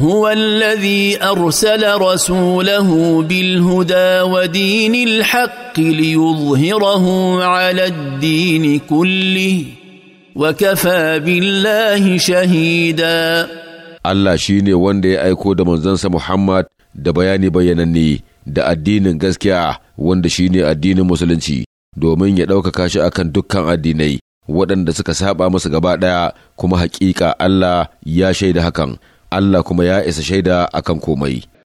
هو الذي ارسل bilhuda بالهدى ودين الحق ليظهره على الدين كله وكفى بالله شهيدا Allah shi ne wanda ya aiko da manzansa Muhammad da bayani bayyananne da addinin gaskiya wanda shi ne addinin musulunci domin ya ɗaukaka shi akan dukkan addinai waɗanda suka saba masa gaba ɗaya kuma haƙiƙa Allah ya shaida hakan Allah kuma ya isa shaida akan komai.